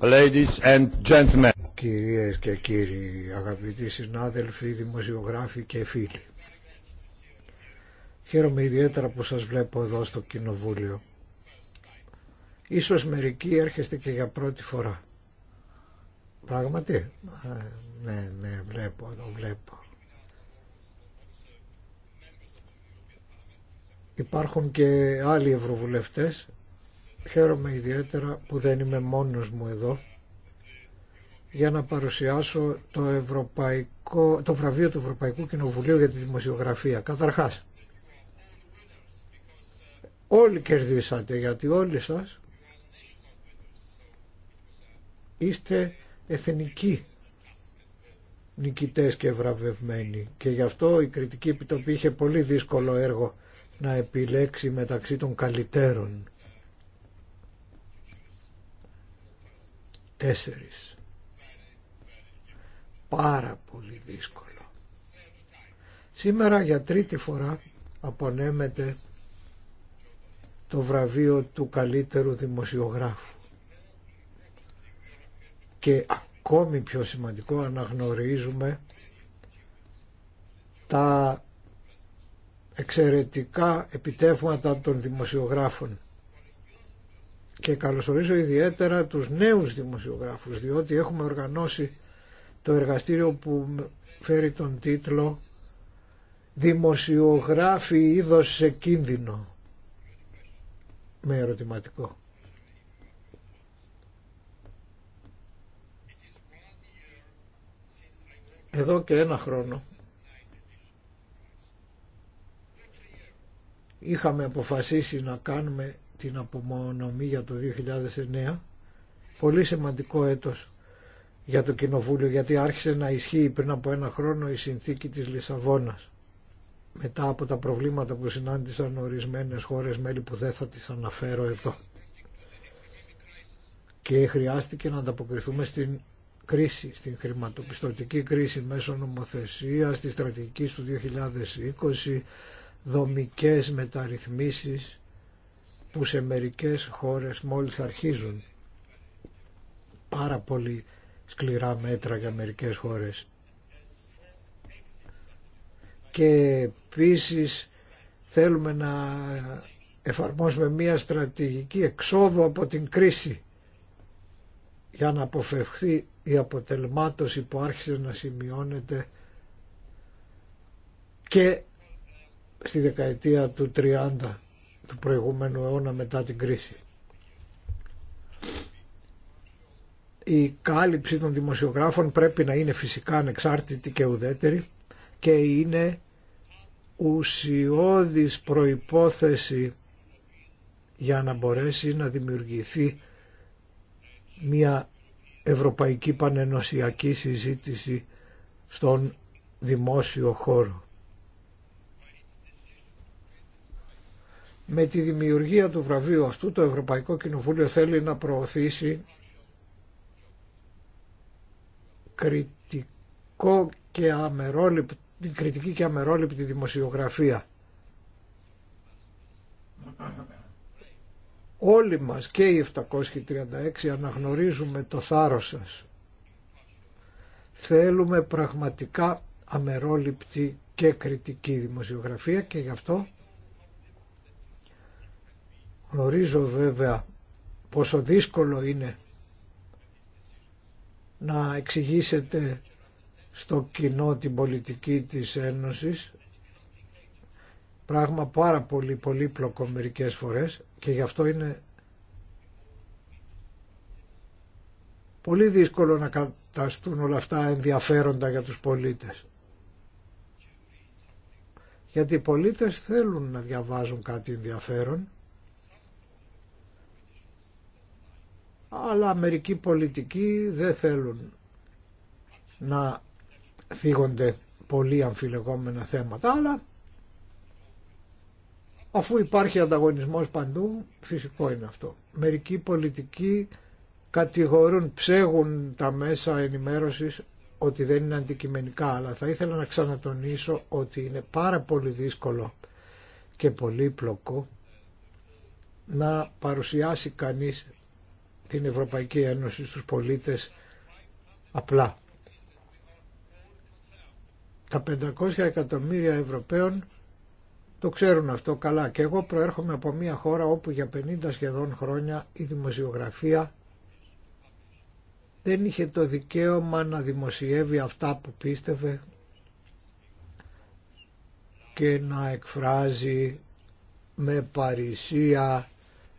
Ladies and Κυρίες και κύριοι, αγαπητοί συνάδελφοι, δημοσιογράφοι και φίλοι. Χαίρομαι ιδιαίτερα που σας βλέπω εδώ στο Κοινοβούλιο. Ίσως μερικοί έρχεστε και για πρώτη φορά. Πράγματι. Ε, ναι, ναι, βλέπω, το βλέπω. Υπάρχουν και άλλοι ευρωβουλευτές Χαίρομαι ιδιαίτερα που δεν είμαι μόνος μου εδώ για να παρουσιάσω το, Ευρωπαϊκό, το βραβείο του Ευρωπαϊκού Κοινοβουλίου για τη Δημοσιογραφία. Καταρχάς, όλοι κερδίσατε γιατί όλοι σας είστε εθνικοί νικητές και βραβευμένοι και γι' αυτό η κριτική επιτροπή είχε πολύ δύσκολο έργο να επιλέξει μεταξύ των καλυτέρων. Τέσσερις. Πάρα πολύ δύσκολο. Σήμερα για τρίτη φορά απονέμεται το βραβείο του καλύτερου δημοσιογράφου. Και ακόμη πιο σημαντικό αναγνωρίζουμε τα εξαιρετικά επιτεύγματα των δημοσιογράφων και καλωσορίζω ιδιαίτερα τους νέους δημοσιογράφους διότι έχουμε οργανώσει το εργαστήριο που φέρει τον τίτλο «Δημοσιογράφη είδος σε κίνδυνο» με ερωτηματικό. Εδώ και ένα χρόνο είχαμε αποφασίσει να κάνουμε την απομονωμή για το 2009, πολύ σημαντικό έτος για το Κοινοβούλιο γιατί άρχισε να ισχύει πριν από ένα χρόνο η συνθήκη της Λισαβόνας μετά από τα προβλήματα που συνάντησαν ορισμένες χώρες μέλη που δεν θα τις αναφέρω εδώ. Και χρειάστηκε να ανταποκριθούμε στην κρίση, στην χρηματοπιστωτική κρίση μέσω νομοθεσία, τη στρατηγική του 2020, δομικές μεταρρυθμίσεις που σε μερικές χώρες μόλις αρχίζουν πάρα πολύ σκληρά μέτρα για μερικές χώρες και επίση θέλουμε να εφαρμόσουμε μια στρατηγική εξόδου από την κρίση για να αποφευχθεί η αποτελμάτωση που άρχισε να σημειώνεται και στη δεκαετία του 30 του προηγούμενου αιώνα μετά την κρίση. Η κάλυψη των δημοσιογράφων πρέπει να είναι φυσικά ανεξάρτητη και ουδέτερη και είναι ουσιώδης προϋπόθεση για να μπορέσει να δημιουργηθεί μια ευρωπαϊκή πανενωσιακή συζήτηση στον δημόσιο χώρο. Με τη δημιουργία του βραβείου αυτού το Ευρωπαϊκό Κοινοβούλιο θέλει να προωθήσει κριτικό και αμερόληπτη, κριτική και αμερόληπτη δημοσιογραφία. Όλοι μας και οι 736 αναγνωρίζουμε το θάρρος σας. Θέλουμε πραγματικά αμερόληπτη και κριτική δημοσιογραφία και γι' αυτό Γνωρίζω βέβαια πόσο δύσκολο είναι να εξηγήσετε στο κοινό την πολιτική της Ένωσης πράγμα πάρα πολύ πολύπλοκο μερικές φορές και γι' αυτό είναι πολύ δύσκολο να καταστούν όλα αυτά ενδιαφέροντα για τους πολίτες. Γιατί οι πολίτες θέλουν να διαβάζουν κάτι ενδιαφέρον αλλά μερικοί πολιτικοί δεν θέλουν να φύγονται πολύ αμφιλεγόμενα θέματα, αλλά αφού υπάρχει ανταγωνισμός παντού, φυσικό είναι αυτό. Μερικοί πολιτικοί κατηγορούν, ψέγουν τα μέσα ενημέρωσης ότι δεν είναι αντικειμενικά, αλλά θα ήθελα να ξανατονίσω ότι είναι πάρα πολύ δύσκολο και πολύπλοκο να παρουσιάσει κανείς την Ευρωπαϊκή Ένωση στους πολίτες απλά. Τα 500 εκατομμύρια Ευρωπαίων το ξέρουν αυτό καλά και εγώ προέρχομαι από μια χώρα όπου για 50 σχεδόν χρόνια η δημοσιογραφία δεν είχε το δικαίωμα να δημοσιεύει αυτά που πίστευε και να εκφράζει με παρησία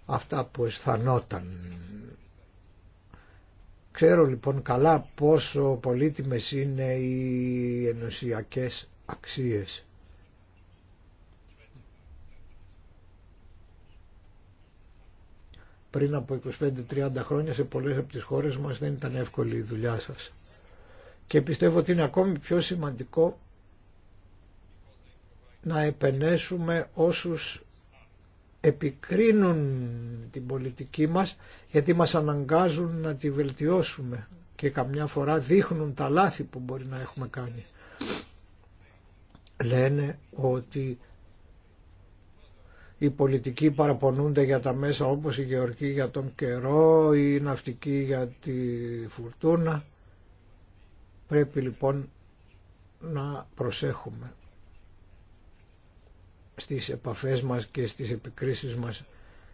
αυτά που αισθανόταν. Ξέρω λοιπόν καλά πόσο πολύτιμες είναι οι ενωσιακές αξίες. Πριν από 25-30 χρόνια σε πολλές από τις χώρες μας δεν ήταν εύκολη η δουλειά σας. Και πιστεύω ότι είναι ακόμη πιο σημαντικό να επενέσουμε όσους επικρίνουν την πολιτική μας γιατί μας αναγκάζουν να τη βελτιώσουμε και καμιά φορά δείχνουν τα λάθη που μπορεί να έχουμε κάνει. Λένε ότι οι πολιτικοί παραπονούνται για τα μέσα όπως η γεωργοί για τον καιρό ή η ναυτική για τη φουρτούνα. Πρέπει λοιπόν να προσέχουμε στις επαφές μας και στις επικρίσεις μας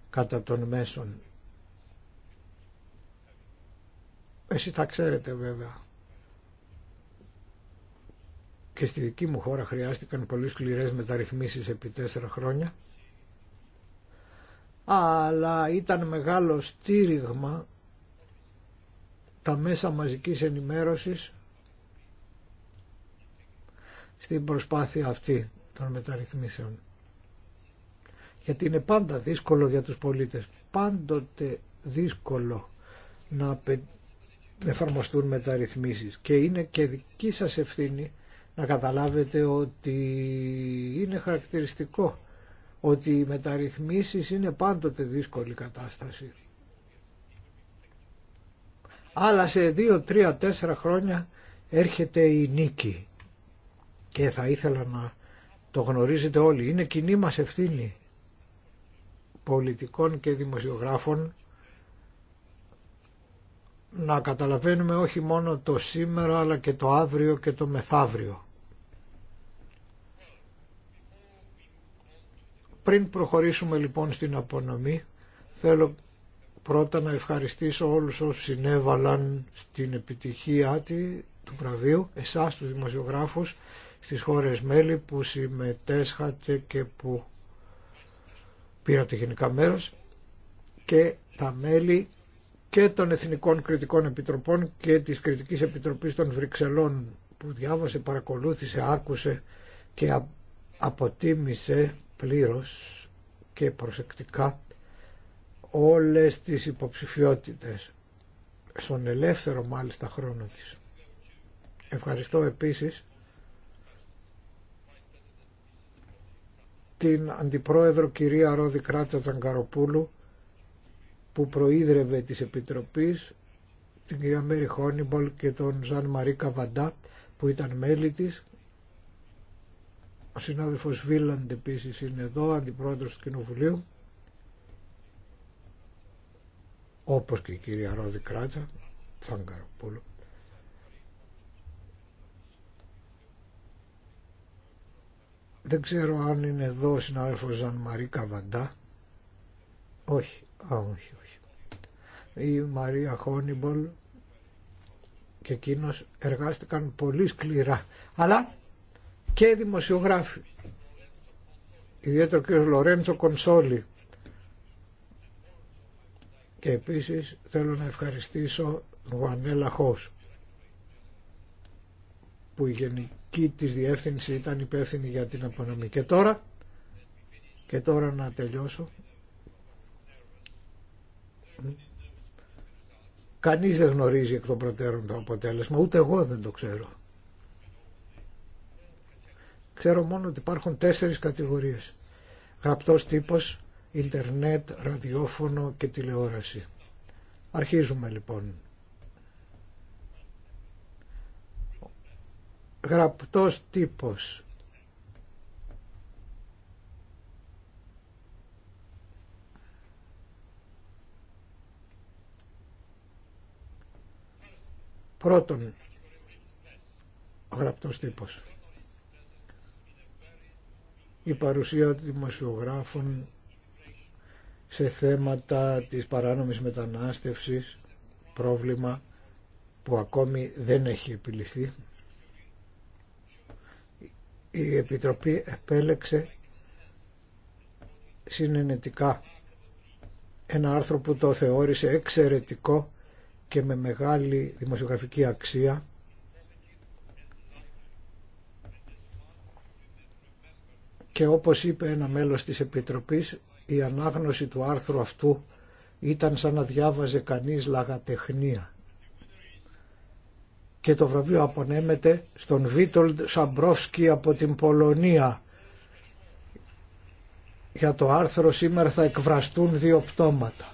κατά των μέσων. Εσείς τα ξέρετε βέβαια. Και στη δική μου χώρα χρειάστηκαν πολύ σκληρές μεταρρυθμίσεις επί τέσσερα χρόνια. Αλλά ήταν μεγάλο στήριγμα τα μέσα μαζικής ενημέρωσης στην προσπάθεια αυτή των μεταρρυθμίσεων γιατί είναι πάντα δύσκολο για τους πολίτες, πάντοτε δύσκολο να εφαρμοστούν μεταρρυθμίσεις και είναι και δική σας ευθύνη να καταλάβετε ότι είναι χαρακτηριστικό ότι οι μεταρρυθμίσεις είναι πάντοτε δύσκολη κατάσταση. Αλλά σε δύο, τρία, τέσσερα χρόνια έρχεται η νίκη και θα ήθελα να το γνωρίζετε όλοι. Είναι κοινή μας ευθύνη πολιτικών και δημοσιογράφων να καταλαβαίνουμε όχι μόνο το σήμερα αλλά και το αύριο και το μεθαύριο. Πριν προχωρήσουμε λοιπόν στην απονομή, θέλω πρώτα να ευχαριστήσω όλους όσους συνέβαλαν στην επιτυχία του βραβείου, εσάς τους δημοσιογράφους στις χώρες μέλη που συμμετέσχατε και που πήρα το γενικά μέρος και τα μέλη και των Εθνικών Κριτικών Επιτροπών και της Κριτικής Επιτροπής των Βρυξελών που διάβασε, παρακολούθησε, άκουσε και αποτίμησε πλήρως και προσεκτικά όλες τις υποψηφιότητες στον ελεύθερο μάλιστα χρόνο της. Ευχαριστώ επίσης την Αντιπρόεδρο κυρία Ρώδη Κράτσα Τσαγκαροπούλου που προείδρευε της Επιτροπής, την κυρία Μέρι Χόνιμπολ και τον Ζαν Μαρίκα Καβαντά που ήταν μέλη της. Ο συνάδελφος Βίλαντ επίσης είναι εδώ, Αντιπρόεδρος του Κοινοβουλίου, όπως και η κυρία Ρώδη Κράτσα Τσαγκαροπούλου. Δεν ξέρω αν είναι εδώ ο συνάδελφος Ζαν Καβαντά. Όχι, όχι, όχι. Η Μαρία Χόνιμπολ και εκείνο εργάστηκαν πολύ σκληρά. Αλλά και δημοσιογράφοι. Ιδιαίτερα ο κ. Λορέντσο Κονσόλη. Και επίσης θέλω να ευχαριστήσω τον Γουανέλα Χος που η δική της διεύθυνση ήταν υπεύθυνη για την απονομή. Και τώρα, και τώρα να τελειώσω. Κανείς δεν γνωρίζει εκ των προτέρων το αποτέλεσμα, ούτε εγώ δεν το ξέρω. Ξέρω μόνο ότι υπάρχουν τέσσερις κατηγορίες. Γραπτός τύπος, ίντερνετ, ραδιόφωνο και τηλεόραση. Αρχίζουμε λοιπόν. γραπτός τύπος. Πρώτον, ο γραπτός τύπος. Η παρουσία των δημοσιογράφων σε θέματα της παράνομης μετανάστευσης, πρόβλημα που ακόμη δεν έχει επιληθεί η Επιτροπή επέλεξε συνενετικά ένα άρθρο που το θεώρησε εξαιρετικό και με μεγάλη δημοσιογραφική αξία και όπως είπε ένα μέλος της Επιτροπής η ανάγνωση του άρθρου αυτού ήταν σαν να διάβαζε κανείς λαγατεχνία και το βραβείο απονέμεται στον Βίτολντ Σαμπρόσκι από την Πολωνία. Για το άρθρο σήμερα θα εκβραστούν δύο πτώματα.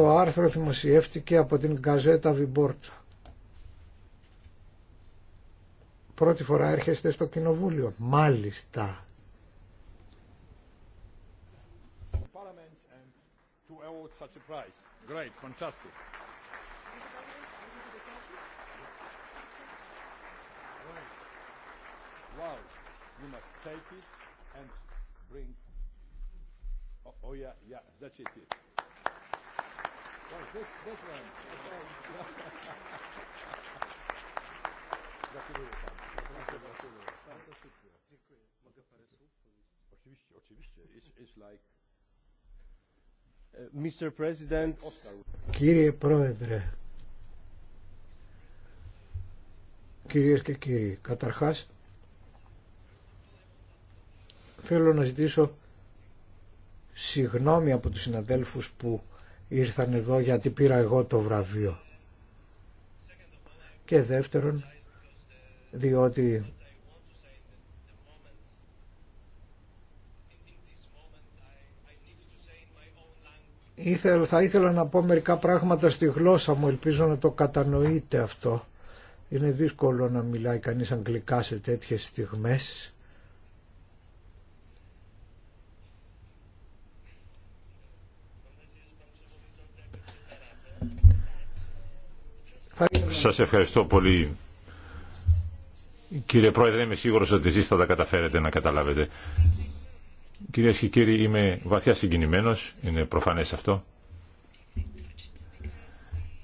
Το άρθρο δημοσιεύτηκε από την Γκαζέτα Βιμπόρτσα. Πρώτη φορά έρχεστε στο κοινοβούλιο. Μάλιστα. Parliament and to award such a prize. Great, fantastic. Wow, you must take it and bring. Oh, yeah, yeah, that's it. this, one. like Κύριε Πρόεδρε, κυρίες και κύριοι, καταρχάς θέλω να ζητήσω συγνώμη από τους συναδέλφους που ήρθαν εδώ γιατί πήρα εγώ το βραβείο. Και δεύτερον, διότι θα ήθελα να πω μερικά πράγματα στη γλώσσα μου, ελπίζω να το κατανοείτε αυτό. Είναι δύσκολο να μιλάει κανείς αγγλικά σε τέτοιες στιγμές. Σας ευχαριστώ πολύ. Κύριε Πρόεδρε, είμαι σίγουρος ότι εσείς θα τα καταφέρετε να καταλάβετε. Κυρίες και κύριοι, είμαι βαθιά συγκινημένος, είναι προφανές αυτό.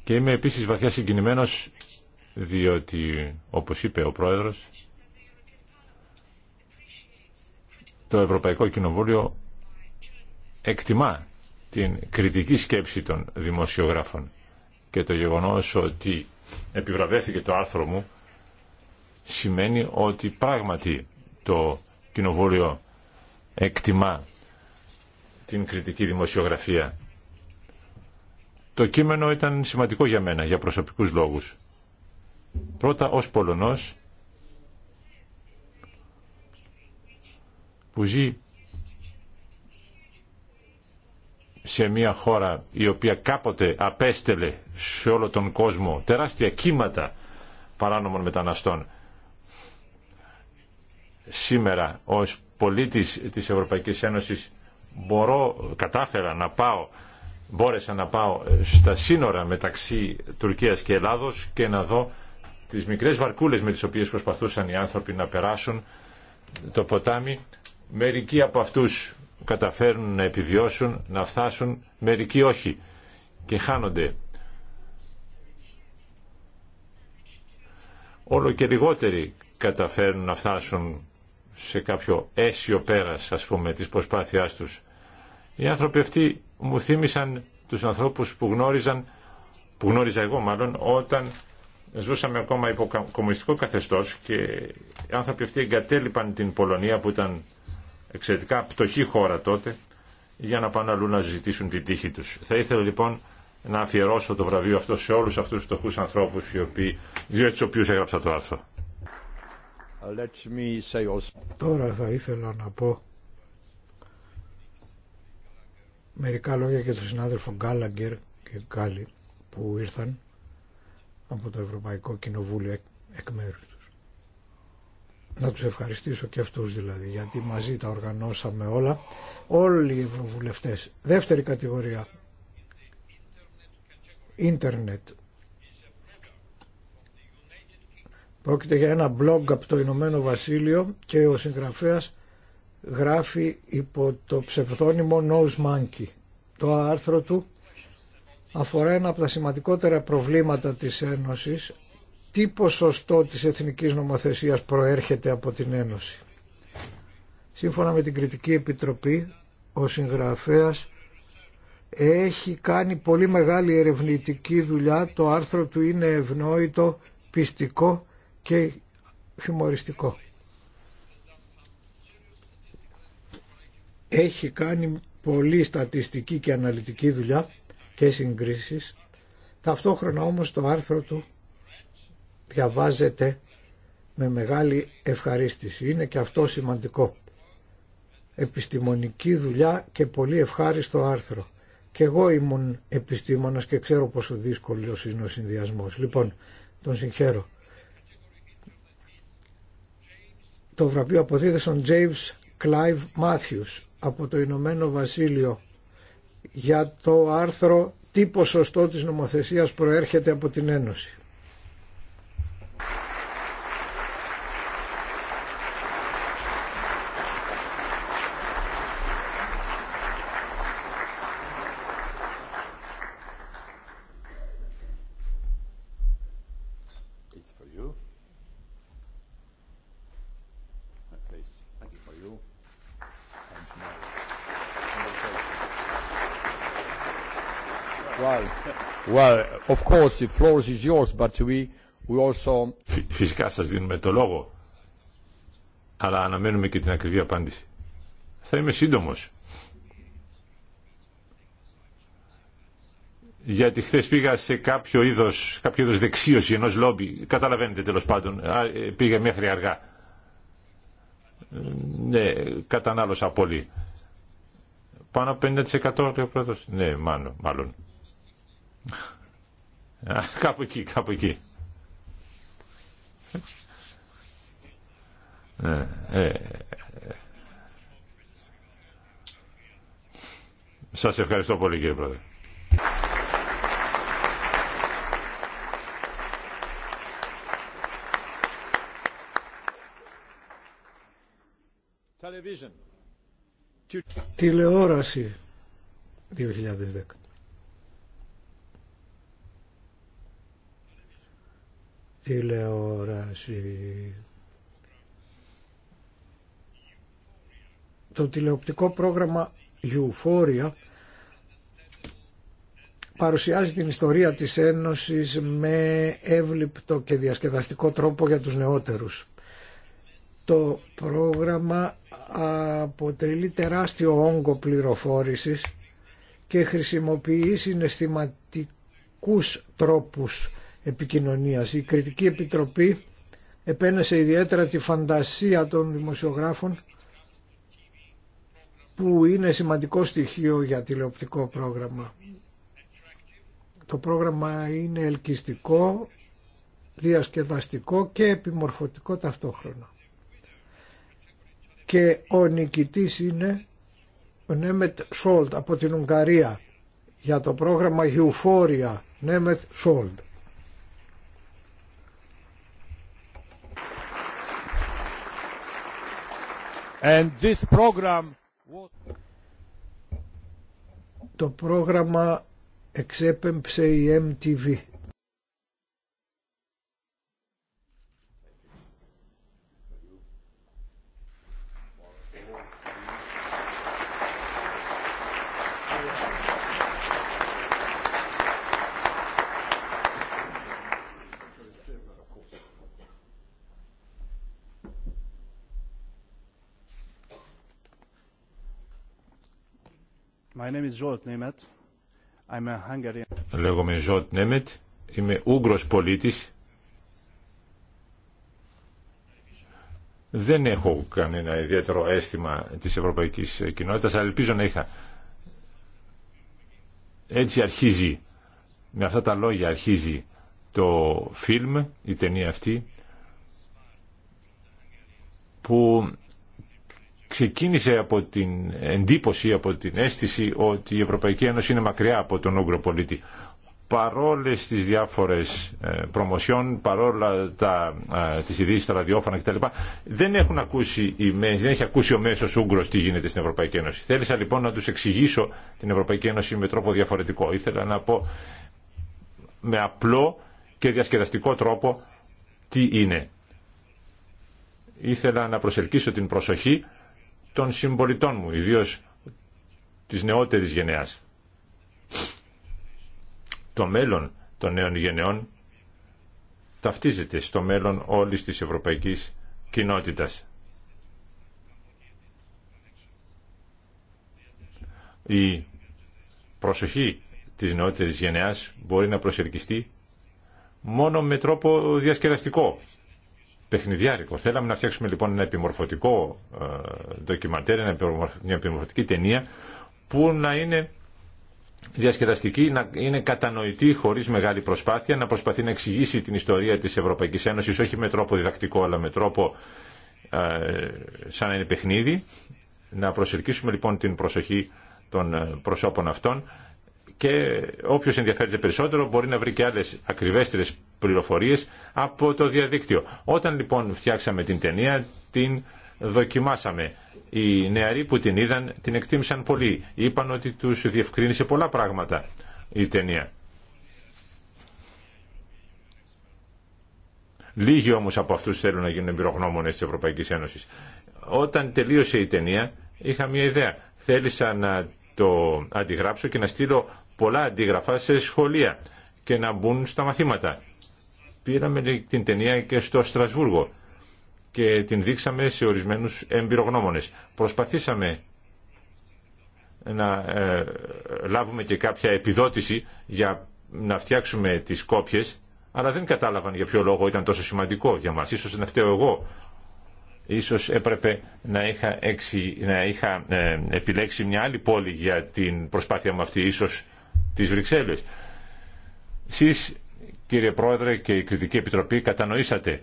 Και είμαι επίσης βαθιά συγκινημένος διότι, όπως είπε ο Πρόεδρος, το Ευρωπαϊκό Κοινοβούλιο εκτιμά την κριτική σκέψη των δημοσιογράφων και το γεγονός ότι επιβραβεύθηκε το άρθρο μου σημαίνει ότι πράγματι το Κοινοβούλιο εκτιμά την κριτική δημοσιογραφία. Το κείμενο ήταν σημαντικό για μένα, για προσωπικούς λόγους. Πρώτα ως Πολωνός που ζει σε μια χώρα η οποία κάποτε απέστελε σε όλο τον κόσμο τεράστια κύματα παράνομων μεταναστών σήμερα ως πολίτης της Ευρωπαϊκής Ένωσης μπορώ, κατάφερα να πάω, μπόρεσα να πάω στα σύνορα μεταξύ Τουρκίας και Ελλάδος και να δω τις μικρές βαρκούλες με τις οποίες προσπαθούσαν οι άνθρωποι να περάσουν το ποτάμι. Μερικοί από αυτούς καταφέρνουν να επιβιώσουν, να φτάσουν, μερικοί όχι και χάνονται. Όλο και λιγότεροι καταφέρνουν να φτάσουν σε κάποιο αίσιο πέρας ας πούμε της προσπάθειάς τους. Οι άνθρωποι αυτοί μου θύμισαν τους ανθρώπους που γνώριζαν, που γνώριζα εγώ μάλλον, όταν ζούσαμε ακόμα υπό κομμουνιστικό καθεστώς και οι άνθρωποι αυτοί εγκατέλειπαν την Πολωνία που ήταν εξαιρετικά πτωχή χώρα τότε για να πάνε αλλού να ζητήσουν την τύχη τους. Θα ήθελα λοιπόν να αφιερώσω το βραβείο αυτό σε όλους αυτούς τους φτωχούς ανθρώπους οι οποίοι, δύο έγραψα το άρθρο. Uh, Τώρα θα ήθελα να πω μερικά λόγια για τον συνάδελφο Γκάλαγκερ και Γκάλι που ήρθαν από το Ευρωπαϊκό Κοινοβούλιο εκ, τους. Να τους ευχαριστήσω και αυτούς δηλαδή, γιατί μαζί τα οργανώσαμε όλα, όλοι οι ευρωβουλευτές. Δεύτερη κατηγορία, ίντερνετ Πρόκειται για ένα blog από το Ηνωμένο Βασίλειο και ο συγγραφέας γράφει υπό το ψευδόνυμο Nose Monkey. Το άρθρο του αφορά ένα από τα σημαντικότερα προβλήματα της Ένωσης, τι ποσοστό της εθνικής νομοθεσίας προέρχεται από την Ένωση. Σύμφωνα με την Κριτική Επιτροπή, ο συγγραφέας έχει κάνει πολύ μεγάλη ερευνητική δουλειά, το άρθρο του είναι ευνόητο, πιστικό και χιουμοριστικό. Έχει κάνει πολύ στατιστική και αναλυτική δουλειά και συγκρίσεις. Ταυτόχρονα όμως το άρθρο του διαβάζεται με μεγάλη ευχαρίστηση. Είναι και αυτό σημαντικό. Επιστημονική δουλειά και πολύ ευχάριστο άρθρο. Και εγώ ήμουν επιστήμονας και ξέρω πόσο δύσκολος είναι ο συνδυασμός. Λοιπόν, τον συγχαίρω. το βραβείο αποδίδεται στον James Clive Matthews από το Ηνωμένο Βασίλειο για το άρθρο «Τι ποσοστό της νομοθεσίας προέρχεται από την Ένωση». Φυσικά σας δίνουμε το λόγο, αλλά αναμένουμε και την ακριβή απάντηση. Θα είμαι σύντομος. γιατί χθε πήγα σε κάποιο είδο κάποιο είδος δεξίωση ενό λόμπι. Καταλαβαίνετε τέλο πάντων. Ε, πήγα μέχρι αργά. Ε, ναι, κατανάλωσα πολύ. Πάνω από 50% λέει ο πρόεδρο. Ναι, μάλλον. μάλλον κάπου εκεί, κάπου εκεί. Ε, ε, ε, Σας ευχαριστώ πολύ κύριε Πρόεδρε. Τηλεόραση 2010. τηλεόραση. Το τηλεοπτικό πρόγραμμα Euphoria παρουσιάζει την ιστορία της Ένωσης με εύληπτο και διασκεδαστικό τρόπο για τους νεότερους. Το πρόγραμμα αποτελεί τεράστιο όγκο πληροφόρησης και χρησιμοποιεί συναισθηματικούς τρόπους επικοινωνίας. Η Κριτική Επιτροπή επένεσε ιδιαίτερα τη φαντασία των δημοσιογράφων που είναι σημαντικό στοιχείο για τηλεοπτικό πρόγραμμα. Το πρόγραμμα είναι ελκυστικό, διασκεδαστικό και επιμορφωτικό ταυτόχρονα. Και ο νικητής είναι ο Νέμετ Σόλτ από την Ουγγαρία για το πρόγραμμα Euphoria Νέμετ Σόλτ. And this program... Το πρόγραμμα εξέπεμψε η MTV. Λέγομαι Ζολτ Νέμετ, είμαι Ούγγρος πολίτης. Δεν έχω κανένα ιδιαίτερο αίσθημα της ευρωπαϊκής κοινότητας, αλλά ελπίζω να είχα. Έτσι αρχίζει, με αυτά τα λόγια αρχίζει το φιλμ, η ταινία αυτή, που ξεκίνησε από την εντύπωση, από την αίσθηση ότι η Ευρωπαϊκή Ένωση είναι μακριά από τον Ούγγρο πολίτη. Παρόλες τις διάφορες ε, προμοσιών, παρόλα τα, ε, τις ειδήσεις, τα ραδιόφωνα κτλ. Δεν, έχουν ακούσει, δεν έχει ακούσει ο μέσος Ούγγρος τι γίνεται στην Ευρωπαϊκή Ένωση. Θέλησα λοιπόν να τους εξηγήσω την Ευρωπαϊκή Ένωση με τρόπο διαφορετικό. Ήθελα να πω με απλό και διασκεδαστικό τρόπο τι είναι. Ήθελα να προσελκύσω την προσοχή των συμπολιτών μου, ιδίως της νεότερης γενεάς. Το μέλλον των νέων γενεών ταυτίζεται στο μέλλον όλης της ευρωπαϊκής κοινότητας. Η προσοχή της νεότερης γενεάς μπορεί να προσελκυστεί μόνο με τρόπο διασκεδαστικό παιχνιδιάρικο. Θέλαμε να φτιάξουμε λοιπόν ένα επιμορφωτικό ε, ντοκιμαντέρ, μια επιμορφωτική ταινία που να είναι διασκεδαστική, να είναι κατανοητή χωρίς μεγάλη προσπάθεια, να προσπαθεί να εξηγήσει την ιστορία της Ευρωπαϊκής Ένωσης όχι με τρόπο διδακτικό αλλά με τρόπο ε, σαν να είναι παιχνίδι. Να προσελκύσουμε λοιπόν την προσοχή των ε, προσώπων αυτών και όποιος ενδιαφέρεται περισσότερο μπορεί να βρει και άλλες ακριβέστερες πληροφορίες από το διαδίκτυο. Όταν λοιπόν φτιάξαμε την ταινία την δοκιμάσαμε. Οι νεαροί που την είδαν την εκτίμησαν πολύ. Είπαν ότι τους διευκρίνησε πολλά πράγματα η ταινία. Λίγοι όμως από αυτούς θέλουν να γίνουν εμπειρογνώμονες της Ευρωπαϊκής Ένωσης. Όταν τελείωσε η ταινία είχα μια ιδέα. Θέλησα να το αντιγράψω και να στείλω πολλά αντίγραφα σε σχολεία και να μπουν στα μαθήματα. Πήραμε την ταινία και στο Στρασβούργο και την δείξαμε σε ορισμένους εμπειρογνώμονες. Προσπαθήσαμε να ε, λάβουμε και κάποια επιδότηση για να φτιάξουμε τις κόπιες, αλλά δεν κατάλαβαν για ποιο λόγο ήταν τόσο σημαντικό για μας. Ίσως να φταίω εγώ. Ίσως έπρεπε να είχα, εξι, να είχα ε, επιλέξει μια άλλη πόλη για την προσπάθεια μου αυτή. Ίσως τις Βρυξέλλες. Σείς, κύριε Πρόεδρε και η Κριτική Επιτροπή κατανοήσατε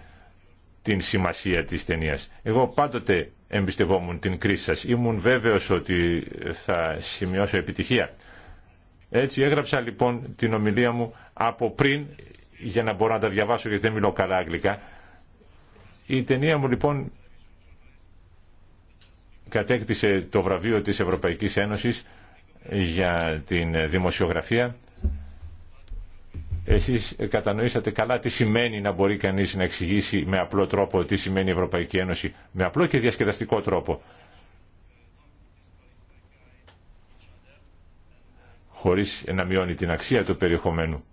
την σημασία της ταινία. Εγώ πάντοτε εμπιστευόμουν την κρίση σας. Ήμουν βέβαιος ότι θα σημειώσω επιτυχία. Έτσι έγραψα λοιπόν την ομιλία μου από πριν για να μπορώ να τα διαβάσω γιατί δεν μιλώ καλά αγγλικά. Η ταινία μου λοιπόν κατέκτησε το βραβείο της Ευρωπαϊκής Ένωσης για την ε, δημοσιογραφία. Εσείς ε, κατανοήσατε καλά τι σημαίνει να μπορεί κανείς να εξηγήσει με απλό τρόπο τι σημαίνει η Ευρωπαϊκή Ένωση, με απλό και διασκεδαστικό τρόπο. χωρίς να μειώνει την αξία του περιεχομένου.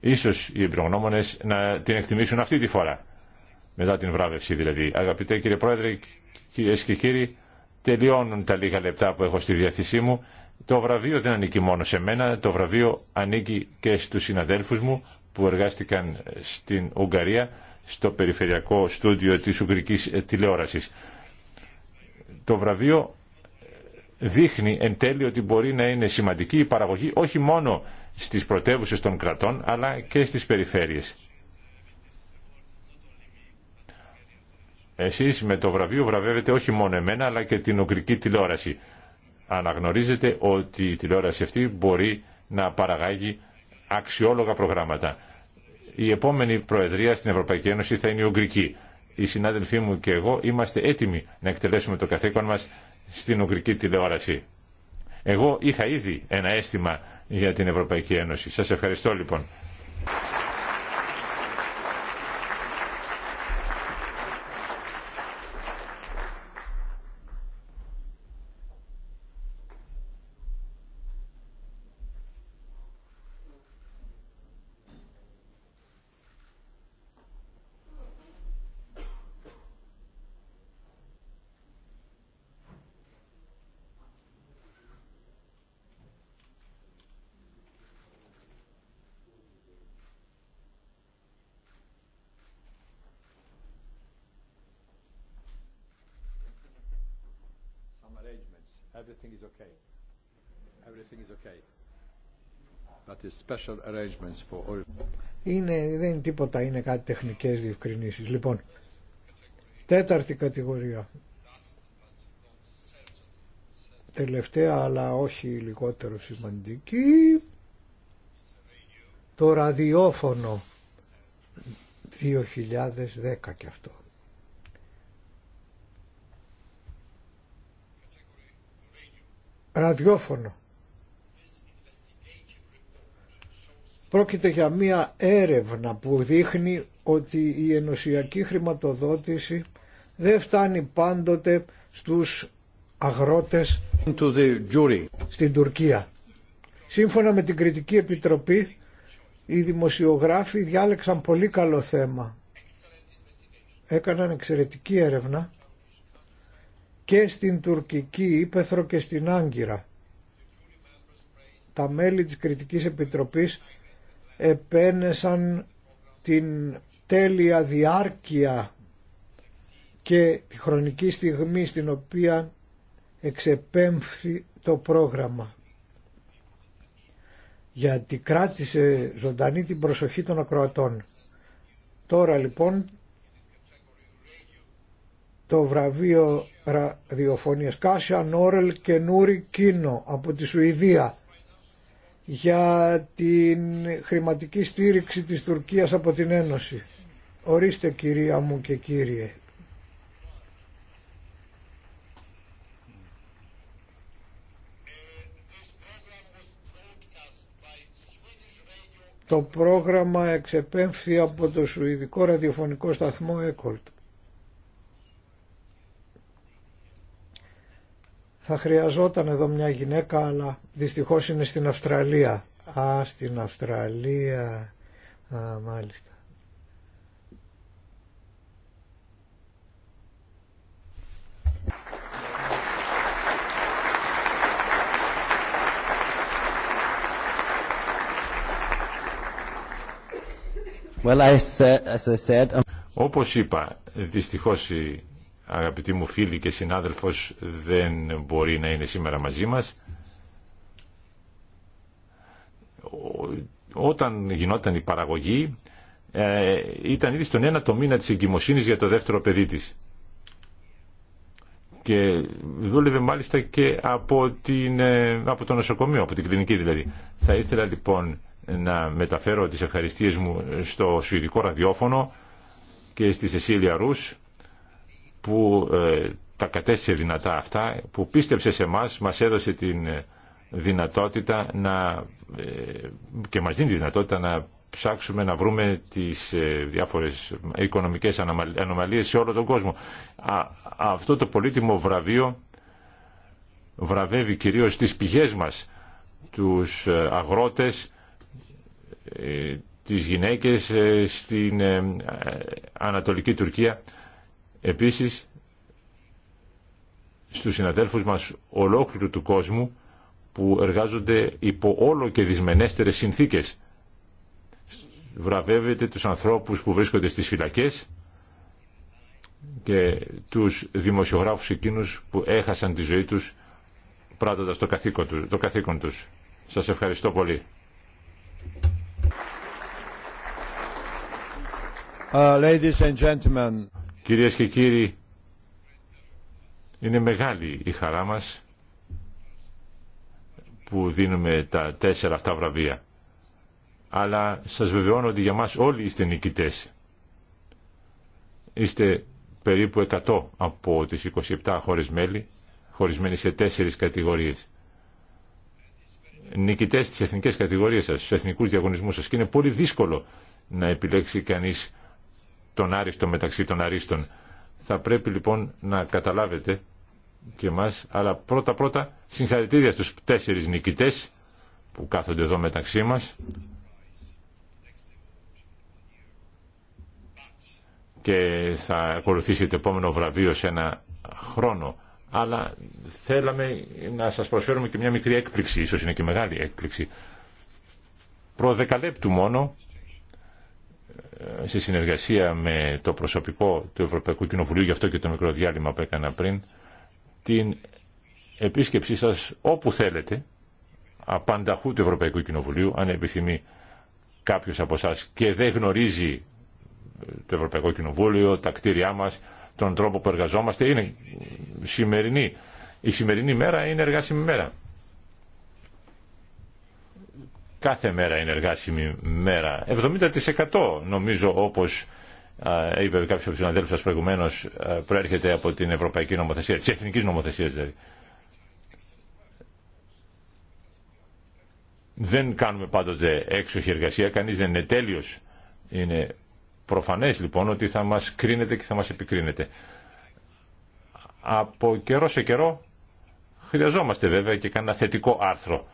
Ίσως οι εμπειρογνώμονες να την εκτιμήσουν αυτή τη φορά, μετά την βράβευση δηλαδή. Αγαπητέ κύριε Πρόεδρε, Κυρίε και κύριοι, τελειώνουν τα λίγα λεπτά που έχω στη διάθεσή μου. Το βραβείο δεν ανήκει μόνο σε μένα, το βραβείο ανήκει και στους συναδέλφους μου που εργάστηκαν στην Ουγγαρία στο περιφερειακό στούντιο της Ουγγρικής τηλεόρασης. Το βραβείο δείχνει εν τέλει ότι μπορεί να είναι σημαντική η παραγωγή όχι μόνο στις πρωτεύουσες των κρατών αλλά και στις περιφέρειες. Εσείς με το βραβείο βραβεύετε όχι μόνο εμένα αλλά και την Ουγγρική τηλεόραση. Αναγνωρίζετε ότι η τηλεόραση αυτή μπορεί να παραγάγει αξιόλογα προγράμματα. Η επόμενη Προεδρία στην Ευρωπαϊκή Ένωση θα είναι η Ουγγρική. Οι συνάδελφοί μου και εγώ είμαστε έτοιμοι να εκτελέσουμε το καθήκον μας στην Ουγγρική τηλεόραση. Εγώ είχα ήδη ένα αίσθημα για την Ευρωπαϊκή Ένωση. Σας ευχαριστώ λοιπόν. Είναι, δεν είναι τίποτα, είναι κάτι τεχνικές διευκρινήσεις. Λοιπόν, τέταρτη κατηγορία. Τελευταία, αλλά όχι λιγότερο σημαντική. Το ραδιόφωνο 2010 και αυτό. Ραδιόφωνο. Πρόκειται για μία έρευνα που δείχνει ότι η ενωσιακή χρηματοδότηση δεν φτάνει πάντοτε στους αγρότες the στην Τουρκία. Σύμφωνα με την Κριτική Επιτροπή, οι δημοσιογράφοι διάλεξαν πολύ καλό θέμα. Έκαναν εξαιρετική έρευνα και στην τουρκική Ήπεθρο και στην Άγκυρα. Τα μέλη της Κριτικής Επιτροπής επένεσαν την τέλεια διάρκεια και τη χρονική στιγμή στην οποία εξεπέμφθη το πρόγραμμα γιατί κράτησε ζωντανή την προσοχή των ακροατών. Τώρα λοιπόν το βραβείο ραδιοφωνίας Κάσια Νόρελ και Νούρι Κίνο από τη Σουηδία για την χρηματική στήριξη της Τουρκίας από την Ένωση. Ορίστε κυρία μου και κύριε. Το πρόγραμμα εξεπέμφθη από το Σουηδικό Ραδιοφωνικό Σταθμό Έκολτ. Θα χρειαζόταν εδώ μια γυναίκα, αλλά δυστυχώς είναι στην Αυστραλία. Α, στην Αυστραλία. Α, μάλιστα. Well, um Όπως είπα, δυστυχώς η Αγαπητοί μου φίλοι και συνάδελφος δεν μπορεί να είναι σήμερα μαζί μας. Όταν γινόταν η παραγωγή ε, ήταν ήδη στον ένα το μήνα της εγκυμοσύνης για το δεύτερο παιδί της. Και δούλευε μάλιστα και από, την, ε, από το νοσοκομείο, από την κλινική δηλαδή. Θα ήθελα λοιπόν να μεταφέρω τις ευχαριστίες μου στο σουηδικό ραδιόφωνο και στη Σεσίλια Ρούς που ε, τα κατέστησε δυνατά αυτά, που πίστεψε σε εμά, μας έδωσε την ε, δυνατότητα να, ε, και μας δίνει τη δυνατότητα να ψάξουμε να βρούμε τις διάφορες οικονομικές ανομαλίες σε όλο τον κόσμο. αυτό το πολύτιμο βραβείο βραβεύει κυρίως τις πηγές μας, τους αγρότες, τις γυναίκες στην Ανατολική Τουρκία Επίσης, στους συναδέλφους μας ολόκληρου του κόσμου που εργάζονται υπό όλο και δυσμενέστερες συνθήκες. Βραβεύεται τους ανθρώπους που βρίσκονται στις φυλακές και τους δημοσιογράφους εκείνους που έχασαν τη ζωή τους πράττοντας το καθήκον τους. Το καθήκον τους. Σας ευχαριστώ πολύ. Uh, ladies and gentlemen. Κυρίες και κύριοι, είναι μεγάλη η χαρά μας που δίνουμε τα τέσσερα αυτά βραβεία. Αλλά σας βεβαιώνω ότι για μας όλοι είστε νικητές. Είστε περίπου 100 από τις 27 χώρες μέλη, χωρισμένοι σε τέσσερις κατηγορίες. Νικητές στις εθνικές κατηγορίες σας, στους εθνικούς διαγωνισμούς σας. Και είναι πολύ δύσκολο να επιλέξει κανείς τον άριστο μεταξύ των αρίστων. Θα πρέπει λοιπόν να καταλάβετε και μας, αλλά πρώτα πρώτα συγχαρητήρια στους τέσσερις νικητές που κάθονται εδώ μεταξύ μας και θα ακολουθήσει το επόμενο βραβείο σε ένα χρόνο αλλά θέλαμε να σας προσφέρουμε και μια μικρή έκπληξη ίσως είναι και μεγάλη έκπληξη προ μόνο σε συνεργασία με το προσωπικό του Ευρωπαϊκού Κοινοβουλίου, γι' αυτό και το μικρό διάλειμμα που έκανα πριν, την επίσκεψή σας όπου θέλετε, απανταχού του Ευρωπαϊκού Κοινοβουλίου, αν επιθυμεί κάποιος από εσά και δεν γνωρίζει το Ευρωπαϊκό Κοινοβούλιο, τα κτίρια μας, τον τρόπο που εργαζόμαστε, είναι σημερινή. Η σημερινή μέρα είναι εργάσιμη μέρα. Κάθε μέρα είναι εργάσιμη μέρα. 70% νομίζω όπως είπε κάποιος από τους σας προηγουμένως προέρχεται από την Ευρωπαϊκή Νομοθεσία, της Εθνικής Νομοθεσίας δηλαδή. Δεν κάνουμε πάντοτε έξοχη εργασία, κανείς δεν είναι τέλειος. Είναι προφανές λοιπόν ότι θα μας κρίνεται και θα μας επικρίνεται. Από καιρό σε καιρό χρειαζόμαστε βέβαια και κανένα θετικό άρθρο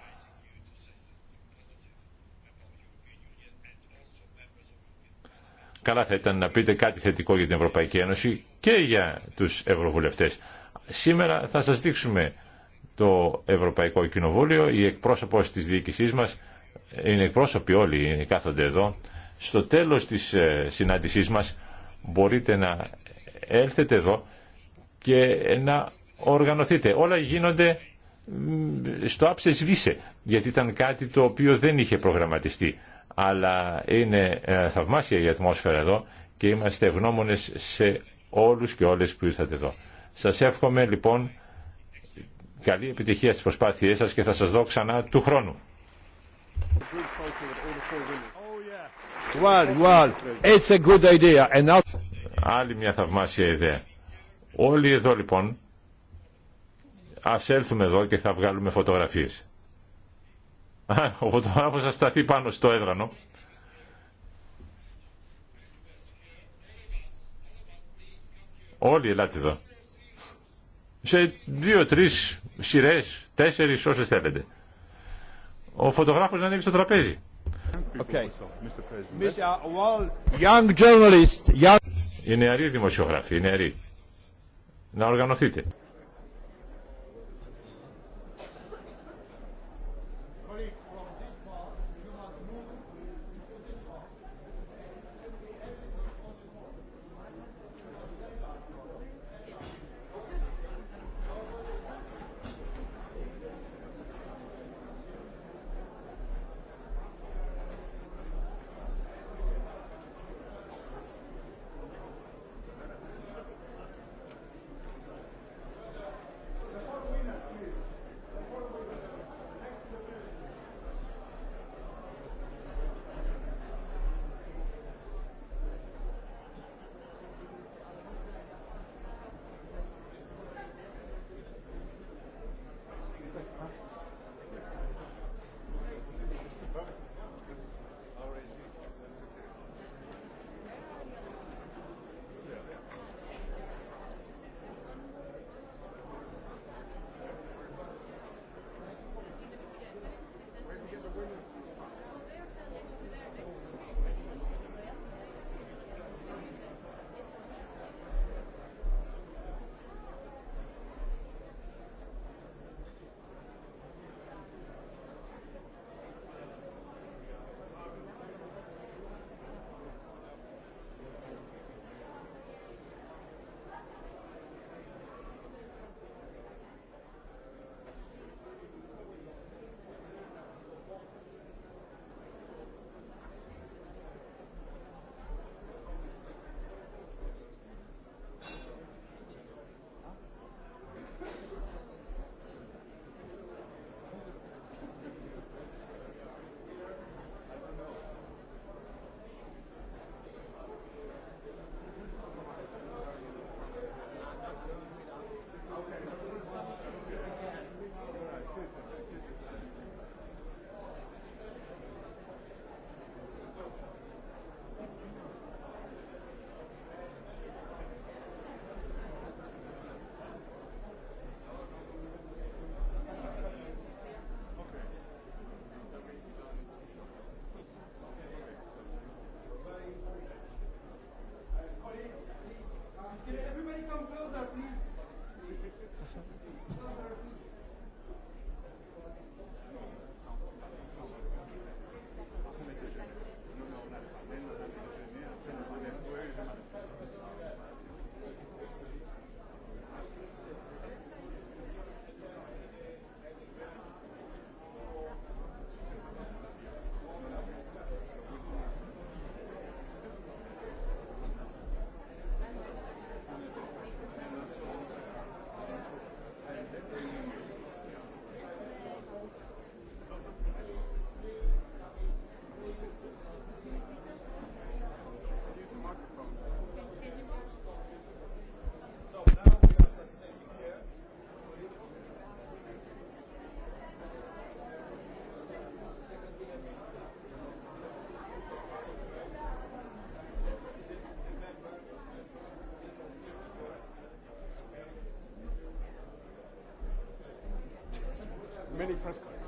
Καλά θα ήταν να πείτε κάτι θετικό για την Ευρωπαϊκή Ένωση και για τους ευρωβουλευτές. Σήμερα θα σας δείξουμε το Ευρωπαϊκό Κοινοβούλιο, η εκπρόσωπος της διοίκησής μας, είναι εκπρόσωποι όλοι, κάθονται εδώ. Στο τέλος της ε, συνάντησής μας μπορείτε να έλθετε εδώ και να οργανωθείτε. Όλα γίνονται στο άψε σβήσε, γιατί ήταν κάτι το οποίο δεν είχε προγραμματιστεί αλλά είναι ε, θαυμάσια η ατμόσφαιρα εδώ και είμαστε ευγνώμονες σε όλους και όλες που ήρθατε εδώ. Σας εύχομαι λοιπόν καλή επιτυχία στις προσπάθειές σας και θα σας δω ξανά του χρόνου. Well, well, it's a good idea. And now... Άλλη μια θαυμάσια ιδέα. Όλοι εδώ λοιπόν ας έλθουμε εδώ και θα βγάλουμε φωτογραφίες. Ο φωτογράφος θα σταθεί πάνω στο έδρανο. Όλοι ελάτε εδώ. Σε δύο, τρεις σειρές, τέσσερις, όσες θέλετε. Ο φωτογράφος να ανέβει στο τραπέζι. Okay. Young journalist, young... Οι νεαροί δημοσιογράφοι, οι νεαροί. Να οργανωθείτε.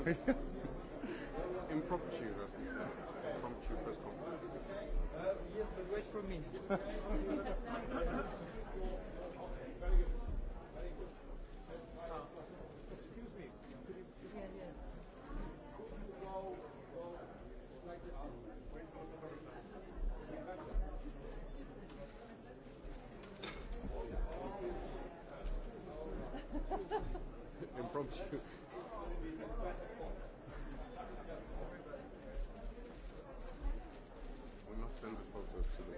Impromptu, as we say. Impromptu press conference. Yes, but wait for me. Excuse me. Could you go like Impromptu We must send the photos to the